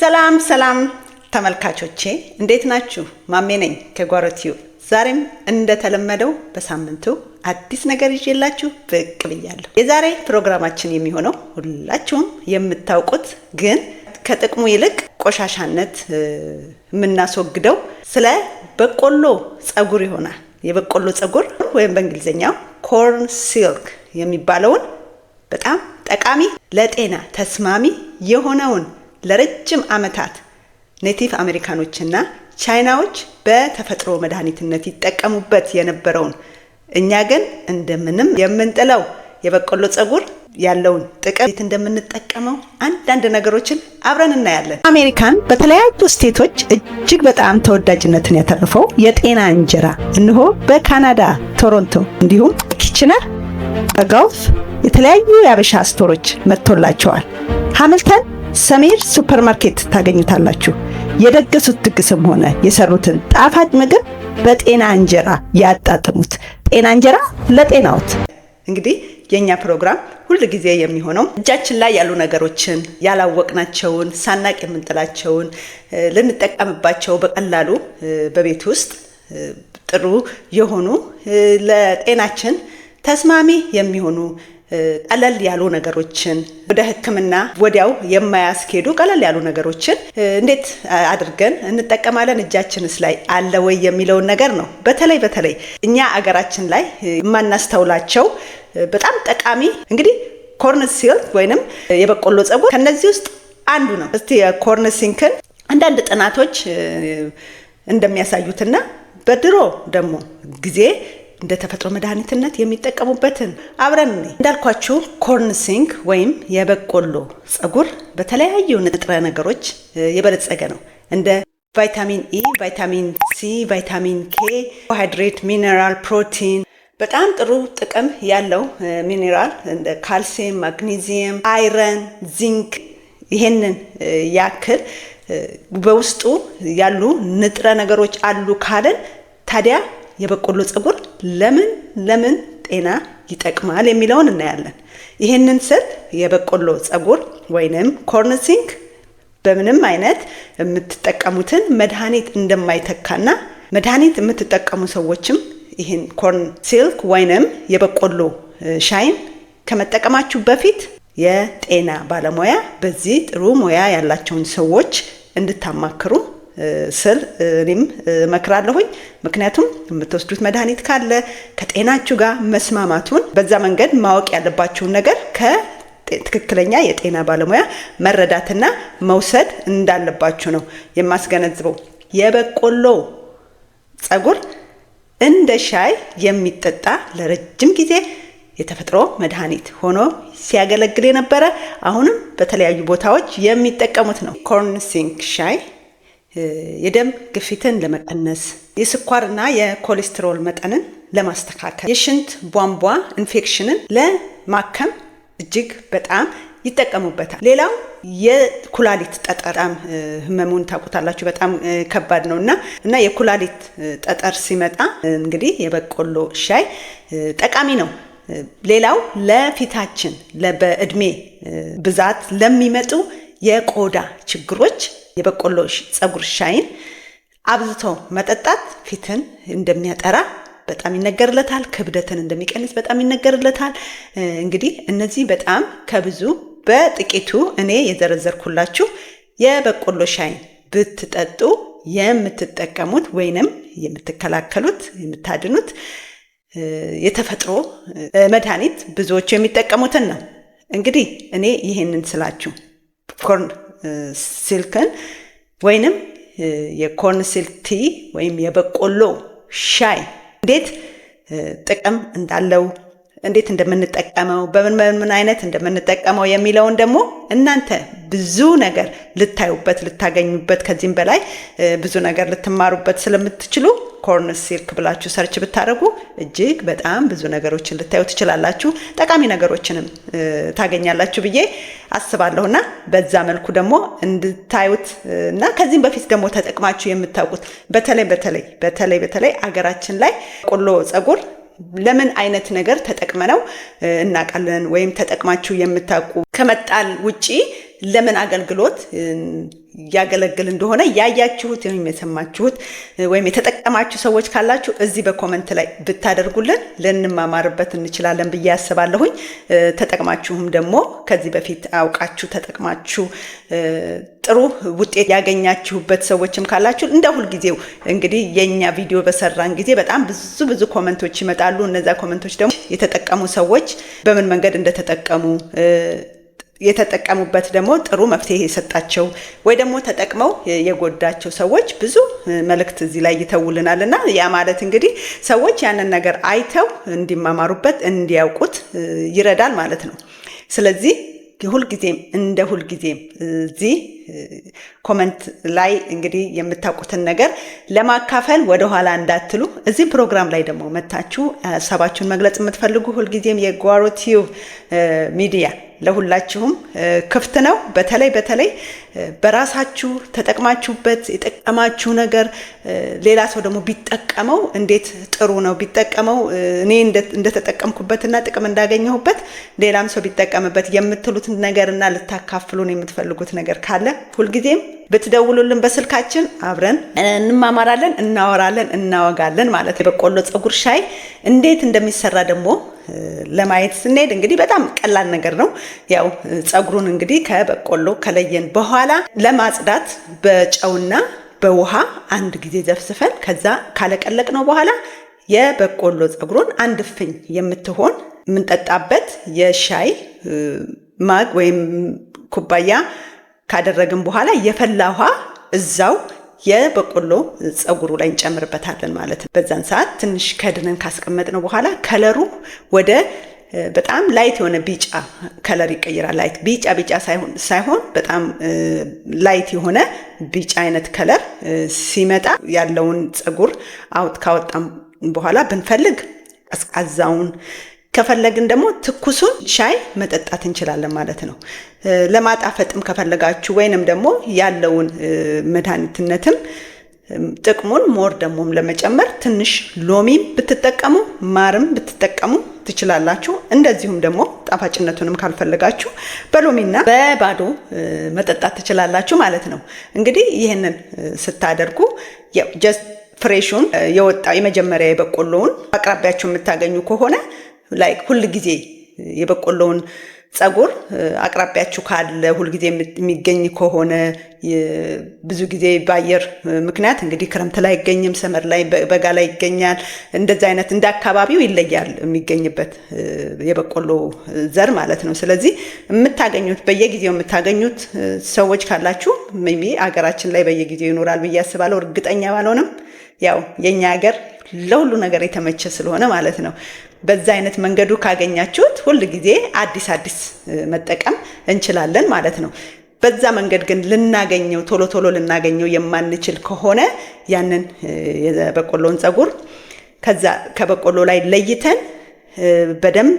ሰላም ሰላም ተመልካቾቼ እንዴት ናችሁ? ማሜ ነኝ ከጓሮ ቲዩብ። ዛሬም እንደተለመደው በሳምንቱ አዲስ ነገር ይዤላችሁ ብቅ ብያለሁ። የዛሬ ፕሮግራማችን የሚሆነው ሁላችሁም የምታውቁት ግን ከጥቅሙ ይልቅ ቆሻሻነት የምናስወግደው ስለ በቆሎ ጸጉር ይሆናል። የበቆሎ ጸጉር ወይም በእንግሊዝኛው ኮርን ሲልክ የሚባለውን በጣም ጠቃሚ ለጤና ተስማሚ የሆነውን ለረጅም ዓመታት ኔቲቭ አሜሪካኖችና ቻይናዎች በተፈጥሮ መድኃኒትነት ይጠቀሙበት የነበረውን እኛ ግን እንደምንም የምንጥለው የበቆሎ ጸጉር ያለውን ጥቅም እንደምንጠቀመው አንዳንድ ነገሮችን አብረን እናያለን። አሜሪካን በተለያዩ ስቴቶች እጅግ በጣም ተወዳጅነትን ያተረፈው የጤና እንጀራ እንሆ በካናዳ ቶሮንቶ፣ እንዲሁም ኪችነር በጋልፍ የተለያዩ የአበሻ ስቶሮች መጥቶላቸዋል። ሀምልተን ሱፐር ሱፐርማርኬት ታገኙታላችሁ። የደገሱት ድግስም ሆነ የሰሩትን ጣፋጭ ምግብ በጤና እንጀራ ያጣጥሙት። ጤና እንጀራ ለጤናዎት። እንግዲህ የእኛ ፕሮግራም ሁል ጊዜ የሚሆነው እጃችን ላይ ያሉ ነገሮችን ያላወቅናቸውን፣ ሳናቅ የምንጥላቸውን ልንጠቀምባቸው በቀላሉ በቤት ውስጥ ጥሩ የሆኑ ለጤናችን ተስማሚ የሚሆኑ ቀለል ያሉ ነገሮችን ወደ ሕክምና ወዲያው የማያስኬዱ ቀለል ያሉ ነገሮችን እንዴት አድርገን እንጠቀማለን፣ እጃችንስ ላይ አለ ወይ የሚለውን ነገር ነው። በተለይ በተለይ እኛ አገራችን ላይ የማናስተውላቸው በጣም ጠቃሚ እንግዲህ ኮርንሲል ወይንም የበቆሎ ጸጉር ከነዚህ ውስጥ አንዱ ነው። እስቲ የኮርንሲንክን አንዳንድ ጥናቶች እንደሚያሳዩትና በድሮ ደግሞ ጊዜ እንደ ተፈጥሮ መድኃኒትነት የሚጠቀሙበትን አብረን እንዳልኳችሁ ኮርን ሲንክ ወይም የበቆሎ ጸጉር በተለያዩ ንጥረ ነገሮች የበለጸገ ነው እንደ ቫይታሚን ኢ፣ ቫይታሚን ሲ፣ ቫይታሚን ኬ፣ ሃይድሬት፣ ሚኔራል፣ ፕሮቲን በጣም ጥሩ ጥቅም ያለው ሚኔራል እንደ ካልሲየም፣ ማግኒዚየም፣ አይረን፣ ዚንክ ይሄንን ያክል በውስጡ ያሉ ንጥረ ነገሮች አሉ ካለን ታዲያ የበቆሎ ፀጉር ለምን ለምን ጤና ይጠቅማል የሚለውን እናያለን። ይህንን ስል የበቆሎ ፀጉር ወይንም ኮርንሲንክ በምንም አይነት የምትጠቀሙትን መድኃኒት እንደማይተካና መድኃኒት የምትጠቀሙ ሰዎችም ይህን ኮርን ሲልክ ወይንም የበቆሎ ሻይን ከመጠቀማችሁ በፊት የጤና ባለሙያ በዚህ ጥሩ ሙያ ያላቸውን ሰዎች እንድታማክሩ ስል እኔም መክራለሁኝ ምክንያቱም የምትወስዱት መድኃኒት ካለ ከጤናችሁ ጋር መስማማቱን በዛ መንገድ ማወቅ ያለባችሁን ነገር ከ ትክክለኛ የጤና ባለሙያ መረዳትና መውሰድ እንዳለባችሁ ነው የማስገነዝበው። የበቆሎ ጸጉር እንደ ሻይ የሚጠጣ ለረጅም ጊዜ የተፈጥሮ መድኃኒት ሆኖ ሲያገለግል የነበረ አሁንም በተለያዩ ቦታዎች የሚጠቀሙት ነው። ኮርንሲንክ ሻይ የደም ግፊትን ለመቀነስ የስኳርና የኮሌስትሮል መጠንን ለማስተካከል የሽንት ቧንቧ ኢንፌክሽንን ለማከም እጅግ በጣም ይጠቀሙበታል። ሌላው የኩላሊት ጠጠር በጣም ህመሙን ታውቁታላችሁ። በጣም ከባድ ነው እና እና የኩላሊት ጠጠር ሲመጣ እንግዲህ የበቆሎ ሻይ ጠቃሚ ነው። ሌላው ለፊታችን በእድሜ ብዛት ለሚመጡ የቆዳ ችግሮች የበቆሎ ፀጉር ሻይን አብዝቶ መጠጣት ፊትን እንደሚያጠራ በጣም ይነገርለታል። ክብደትን እንደሚቀንስ በጣም ይነገርለታል። እንግዲህ እነዚህ በጣም ከብዙ በጥቂቱ እኔ የዘረዘርኩላችሁ የበቆሎ ሻይን ብትጠጡ የምትጠቀሙት ወይንም የምትከላከሉት የምታድኑት የተፈጥሮ መድኃኒት ብዙዎቹ የሚጠቀሙትን ነው። እንግዲህ እኔ ይህንን ስላችሁ ፖፕኮርን ሲልክን ወይንም የኮርን ሲልክ ቲ ወይም የበቆሎ ሻይ እንዴት ጥቅም እንዳለው እንዴት እንደምንጠቀመው በምን ምን አይነት እንደምንጠቀመው የሚለውን ደግሞ እናንተ ብዙ ነገር ልታዩበት ልታገኙበት ከዚህም በላይ ብዙ ነገር ልትማሩበት ስለምትችሉ ኮርንስ ሲልክ ብላችሁ ሰርች ብታደርጉ እጅግ በጣም ብዙ ነገሮችን ልታዩ ትችላላችሁ። ጠቃሚ ነገሮችንም ታገኛላችሁ ብዬ አስባለሁ እና በዛ መልኩ ደግሞ እንድታዩት እና ከዚህም በፊት ደግሞ ተጠቅማችሁ የምታውቁት በተለይ በተለይ በተለይ በተለይ አገራችን ላይ ቆሎ ፀጉር ለምን አይነት ነገር ተጠቅመነው እናውቃለን ወይም ተጠቅማችሁ የምታውቁ ከመጣል ውጪ ለምን አገልግሎት እያገለግል እንደሆነ ያያችሁት ወይም የሰማችሁት ወይም የተጠቀማችሁ ሰዎች ካላችሁ እዚህ በኮመንት ላይ ብታደርጉልን ልንማማርበት እንችላለን ብዬ ያስባለሁኝ። ተጠቅማችሁም ደግሞ ከዚህ በፊት አውቃችሁ ተጠቅማችሁ ጥሩ ውጤት ያገኛችሁበት ሰዎችም ካላችሁ እንደ ሁልጊዜው እንግዲህ የእኛ ቪዲዮ በሰራን ጊዜ በጣም ብዙ ብዙ ኮመንቶች ይመጣሉ። እነዚያ ኮመንቶች ደግሞ የተጠቀሙ ሰዎች በምን መንገድ እንደተጠቀሙ የተጠቀሙበት ደግሞ ጥሩ መፍትሄ የሰጣቸው ወይ ደግሞ ተጠቅመው የጎዳቸው ሰዎች ብዙ መልእክት እዚህ ላይ ይተውልናል እና ያ ማለት እንግዲህ ሰዎች ያንን ነገር አይተው እንዲማማሩበት እንዲያውቁት ይረዳል ማለት ነው። ስለዚህ ሁልጊዜም እንደ ሁልጊዜም እዚህ ኮመንት ላይ እንግዲህ የምታውቁትን ነገር ለማካፈል ወደኋላ እንዳትሉ። እዚህ ፕሮግራም ላይ ደግሞ መታችሁ ሀሳባችሁን መግለጽ የምትፈልጉ ሁልጊዜም የጓሮ ቲዩብ ሚዲያ ለሁላችሁም ክፍት ነው። በተለይ በተለይ በራሳችሁ ተጠቅማችሁበት የጠቀማችሁ ነገር ሌላ ሰው ደግሞ ቢጠቀመው እንዴት ጥሩ ነው፣ ቢጠቀመው እኔ እንደተጠቀምኩበትና ጥቅም እንዳገኘሁበት ሌላም ሰው ቢጠቀምበት የምትሉት ነገርና ልታካፍሉን የምትፈልጉት ነገር ካለ ሁልጊዜም ብትደውሉልን በስልካችን አብረን እንማማራለን፣ እናወራለን፣ እናወጋለን ማለት ነው የበቆሎ ፀጉር ሻይ እንዴት እንደሚሰራ ደግሞ ለማየት ስንሄድ እንግዲህ በጣም ቀላል ነገር ነው። ያው ፀጉሩን እንግዲህ ከበቆሎ ከለየን በኋላ ለማጽዳት በጨውና በውሃ አንድ ጊዜ ዘፍስፈን ከዛ ካለቀለቅ ነው በኋላ የበቆሎ ፀጉሩን አንድ ፍኝ የምትሆን የምንጠጣበት የሻይ ማግ ወይም ኩባያ ካደረግን በኋላ የፈላ ውሃ እዛው የበቆሎ ፀጉሩ ላይ እንጨምርበታለን ማለት ነው። በዛን ሰዓት ትንሽ ከድነን ካስቀመጥነው በኋላ ከለሩ ወደ በጣም ላይት የሆነ ቢጫ ከለር ይቀይራል። ላይት ቢጫ ቢጫ ሳይሆን በጣም ላይት የሆነ ቢጫ አይነት ከለር ሲመጣ ያለውን ፀጉር አውጥ ካወጣም በኋላ ብንፈልግ ቀዝቃዛውን ከፈለግን ደግሞ ትኩሱን ሻይ መጠጣት እንችላለን ማለት ነው። ለማጣፈጥም ከፈለጋችሁ ወይንም ደግሞ ያለውን መድኃኒትነትም ጥቅሙን ሞር ደግሞም ለመጨመር ትንሽ ሎሚም ብትጠቀሙ ማርም ብትጠቀሙ ትችላላችሁ። እንደዚሁም ደግሞ ጣፋጭነቱንም ካልፈለጋችሁ በሎሚና በባዶ መጠጣት ትችላላችሁ ማለት ነው። እንግዲህ ይህንን ስታደርጉ ጀስት ፍሬሹን የወጣው የመጀመሪያ የበቆሎውን አቅራቢያችሁ የምታገኙ ከሆነ ላይክ ሁል ጊዜ የበቆሎውን ጸጉር አቅራቢያችሁ ካለ ሁልጊዜ የሚገኝ ከሆነ ብዙ ጊዜ በአየር ምክንያት እንግዲህ ክረምት ላይ አይገኝም፣ ሰመር ላይ በጋ ላይ ይገኛል። እንደዚ አይነት እንደ አካባቢው ይለያል የሚገኝበት የበቆሎ ዘር ማለት ነው። ስለዚህ የምታገኙት በየጊዜው የምታገኙት ሰዎች ካላችሁ ሜቢ አገራችን ላይ በየጊዜው ይኖራል ብዬ አስባለሁ። እርግጠኛ ባልሆንም ያው የእኛ ሀገር ለሁሉ ነገር የተመቸ ስለሆነ ማለት ነው። በዛ አይነት መንገዱ ካገኛችሁት ሁል ጊዜ አዲስ አዲስ መጠቀም እንችላለን ማለት ነው። በዛ መንገድ ግን ልናገኘው ቶሎ ቶሎ ልናገኘው የማንችል ከሆነ ያንን የበቆሎን ፀጉር ከዛ ከበቆሎ ላይ ለይተን በደንብ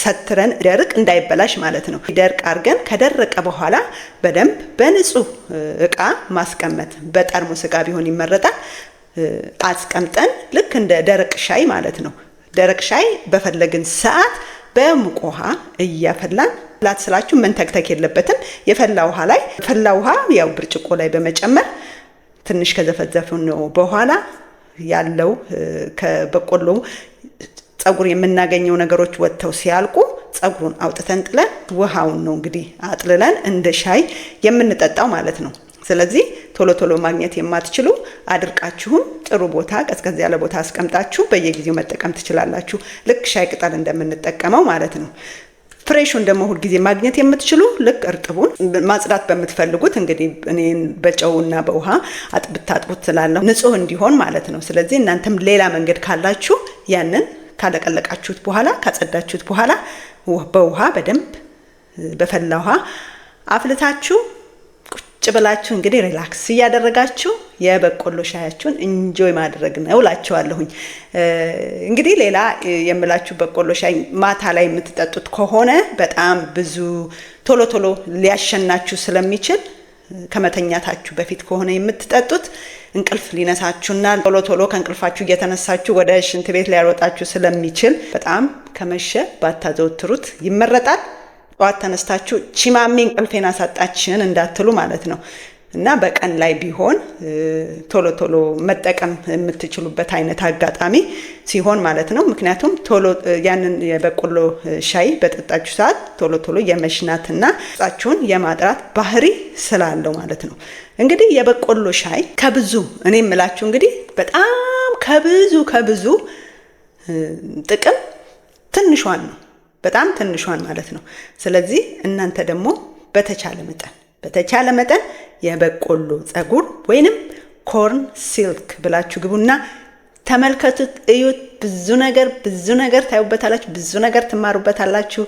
ሰትረን ደርቅ እንዳይበላሽ ማለት ነው። ደርቅ አድርገን ከደረቀ በኋላ በደንብ በንጹህ እቃ ማስቀመጥ በጠርሙስ እቃ ቢሆን ይመረጣል። አስቀምጠን ልክ እንደ ደረቅ ሻይ ማለት ነው ደረቅ ሻይ በፈለግን ሰዓት በሙቅ ውሃ እያፈላን ላት ስላችሁ መንተክተክ የለበትም። የፈላ ውሃ ላይ ፈላ ውሃ ያው ብርጭቆ ላይ በመጨመር ትንሽ ከዘፈዘፍን ነው በኋላ ያለው ከበቆሎ ጸጉር የምናገኘው ነገሮች ወጥተው ሲያልቁ ጸጉሩን አውጥተን ጥለን ውሃውን ነው እንግዲህ አጥልለን እንደ ሻይ የምንጠጣው ማለት ነው። ስለዚህ ቶሎ ቶሎ ማግኘት የማትችሉ አድርቃችሁም ጥሩ ቦታ ቀዝቀዝ ያለ ቦታ አስቀምጣችሁ በየጊዜው መጠቀም ትችላላችሁ። ልክ ሻይ ቅጠል እንደምንጠቀመው ማለት ነው። ፍሬሹን ደግሞ ሁልጊዜ ማግኘት የምትችሉ ልክ እርጥቡን ማጽዳት በምትፈልጉት እንግዲህ እኔን በጨውና በውሃ አጥብታጥቡት ስላለሁ ንጹህ እንዲሆን ማለት ነው። ስለዚህ እናንተም ሌላ መንገድ ካላችሁ ያንን ካለቀለቃችሁት በኋላ ካጸዳችሁት በኋላ በውሃ በደንብ በፈላ ውሃ አፍልታችሁ ቁጭ ብላችሁ እንግዲህ ሪላክስ እያደረጋችሁ የበቆሎ ሻያችሁን እንጆይ ማድረግ ነው እላችኋለሁኝ። እንግዲህ ሌላ የምላችሁ በቆሎ ሻይ ማታ ላይ የምትጠጡት ከሆነ በጣም ብዙ ቶሎ ቶሎ ሊያሸናችሁ ስለሚችል ከመተኛታችሁ በፊት ከሆነ የምትጠጡት እንቅልፍ ሊነሳችሁና ቶሎ ቶሎ ከእንቅልፋችሁ እየተነሳችሁ ወደ ሽንት ቤት ሊያሮጣችሁ ስለሚችል በጣም ከመሸ ባታዘወትሩት ይመረጣል። ጠዋት ተነስታችሁ ቺማሜ እንቅልፌን አሳጣችን እንዳትሉ ማለት ነው። እና በቀን ላይ ቢሆን ቶሎ ቶሎ መጠቀም የምትችሉበት አይነት አጋጣሚ ሲሆን ማለት ነው። ምክንያቱም ቶሎ ያንን የበቆሎ ሻይ በጠጣችሁ ሰዓት ቶሎ ቶሎ የመሽናትና ጻችሁን የማጥራት ባህሪ ስላለው ማለት ነው። እንግዲህ የበቆሎ ሻይ ከብዙ እኔ የምላችሁ እንግዲህ በጣም ከብዙ ከብዙ ጥቅም ትንሿን ነው በጣም ትንሿን ማለት ነው። ስለዚህ እናንተ ደግሞ በተቻለ መጠን በተቻለ መጠን የበቆሎ ጸጉር ወይንም ኮርን ሲልክ ብላችሁ ግቡና ተመልከቱት፣ እዩት። ብዙ ነገር ብዙ ነገር ታዩበታላችሁ፣ ብዙ ነገር ትማሩበታላችሁ።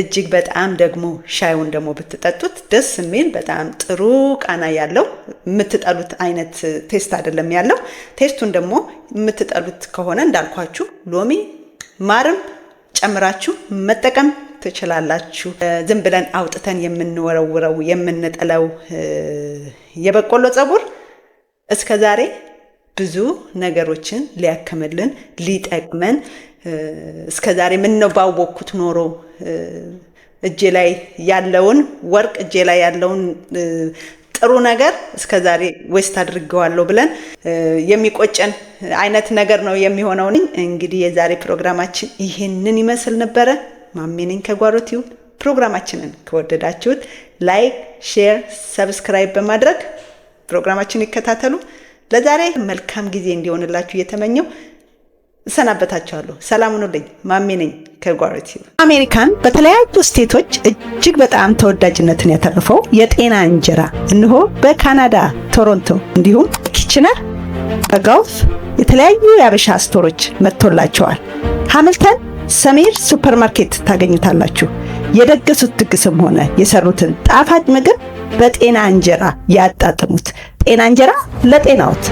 እጅግ በጣም ደግሞ ሻዩን ደግሞ ብትጠጡት ደስ የሚል በጣም ጥሩ ቃና ያለው የምትጠሉት አይነት ቴስት አይደለም ያለው። ቴስቱን ደግሞ የምትጠሉት ከሆነ እንዳልኳችሁ ሎሚ ማርም ጨምራችሁ መጠቀም ትችላላችሁ። ዝም ብለን አውጥተን የምንወረውረው የምንጥለው የበቆሎ ፀጉር እስከ ዛሬ ብዙ ነገሮችን ሊያክምልን ሊጠቅመን እስከ ዛሬ ምን ነው ባወቅኩት ኖሮ እጄ ላይ ያለውን ወርቅ እጄ ላይ ያለውን ጥሩ ነገር እስከዛሬ ዌስት አድርገዋለሁ ብለን የሚቆጨን አይነት ነገር ነው የሚሆነው። እንግዲህ የዛሬ ፕሮግራማችን ይህንን ይመስል ነበረ። ማሜነኝ ከጓሮት ይሁን። ፕሮግራማችንን ከወደዳችሁት ላይክ፣ ሼር፣ ሰብስክራይብ በማድረግ ፕሮግራማችን ይከታተሉ። ለዛሬ መልካም ጊዜ እንዲሆንላችሁ እየተመኘው እሰናበታችኋለሁ። ሰላም ሁኑልኝ። ማሜ ነኝ። ከጓረቲቭ አሜሪካን በተለያዩ ስቴቶች እጅግ በጣም ተወዳጅነትን ያተረፈው የጤና እንጀራ እንሆ በካናዳ ቶሮንቶ፣ እንዲሁም ኪችነር በጋልፍ የተለያዩ የአበሻ ስቶሮች መጥቶላቸዋል። ሃምልተን ሰሜር ሱፐርማርኬት ታገኙታላችሁ። የደገሱት ድግስም ሆነ የሰሩትን ጣፋጭ ምግብ በጤና እንጀራ ያጣጥሙት። ጤና እንጀራ ለጤናዎት